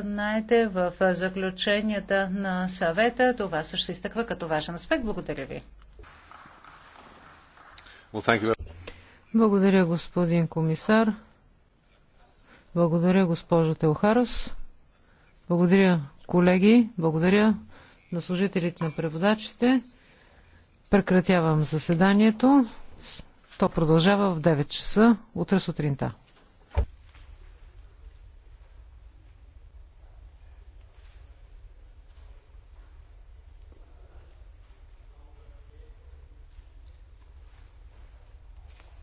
знаете, в заключенията на съвета това също се изтъква като важен аспект. Благодаря ви. Well, Благодаря, господин комисар. Благодаря, госпожо Телхарос. Благодаря, колеги. Благодаря на служителите на преводачите. Прекратявам заседанието. То продължава в 9 часа утре сутринта.